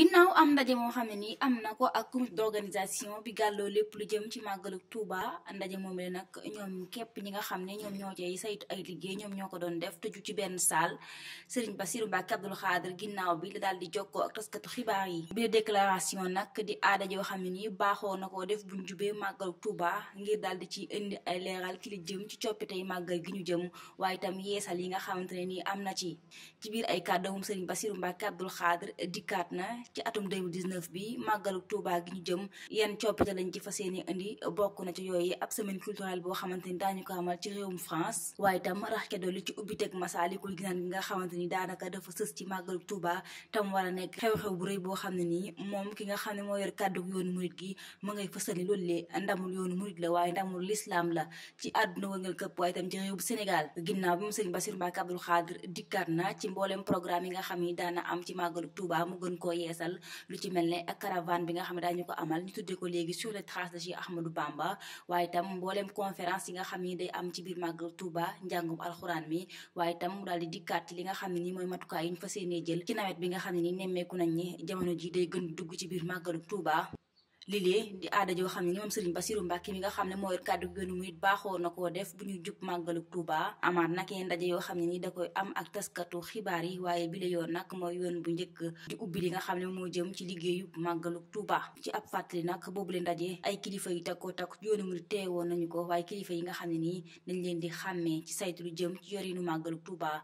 ginnaaw am ndaje moo xam ne nii am na ko ak comité d'organisation lépp lu jëm ci màggalu Touba ndaje moom nag ñoom képp ñi nga xam ne ñoom ñoo cay saytu ay liggéey ñoom ñoo ko doon def tëju ci benn saal Serigne Bassirou Mbacké Abdoul Khadr ginnaaw bi daal di jokkoo ak taskatu xibaar yi. bi déclaration nag di aada joo xam ne nii baaxoo na koo def buñ jubee màggalu Touba ngir daal di ci indi ay leeral li jëm ci coppite yi màggal gi ñu jëm waaye itam yeesal yi nga xamante ne nii am na ci ci biir ay kàddoom Serigne Bassirou Mbacké Abdoul Khadr dikkaat na ci atum 2019 bi màggalu Touba gi ñu jëm yenn coppite dañ ci fa yéene indi bokk na ci yooyu ab semaine culturelle boo xamante ni daañu ko amal ci réewum France waaye itam rax ca nga xamante ni daanaka dafa sës ci màggalu Touba tam war a nekk xew-xew bu rëy boo xam ne nii moom ki nga xam ne moo yor kàddu yoonu murit gi mu ngay fësal ni loolu lee ndamul yoonu murit la waaye ndamul lislaam la ci àdduna wëngal këpp waaye itam ci réew bu Sénégal ginnaaw bi mu sëriñ Bassirou Mbacké Abdoul Khadr dikkaat na ci mbooleem programme yi nga xam ni daana am ci màggalu Touba mu gën koo yees yeesal lu ci mel ne caravane bi nga xam ne daañu ko amal ñu tuddee ko léegi sur les traces de Cheikh Ahmadou Bamba waaye itam mbooleem conférence yi nga xam ni day am ci biir màgg Touba njàngum alxuraan mi waaye tam mu di dikkaat li nga xam ne ni mooy matukaay yi ñu fas yéenee jël ci nawet bi nga xam ne ni nemmeeku nañ ni jamono ji day gën dugg ci biir màggalu Touba lii di aada joo xam ne moom Serigne Bassirou Mbacké mi nga xam ne mooy kàddu yoonu murit baaxoo na koo def bu ñu jub màggalu Touba amaat nag yeen ndaje yoo xam ne nii da koy am ak taskatu xibaar yi waaye bi la yoon nag mooy yoon bu njëkk di ubbi li xam ne moo jëm ci liggéeyu màggalu Touba ci ab fàttali nag boobu leen ndaje ay kilifa yu takkoo takk yoonu mu teewoon nañu ko waaye kilifa yi nga xam ne nii dañ leen di xàmmee ci saytu lu jëm ci yorinu màggalu tubaa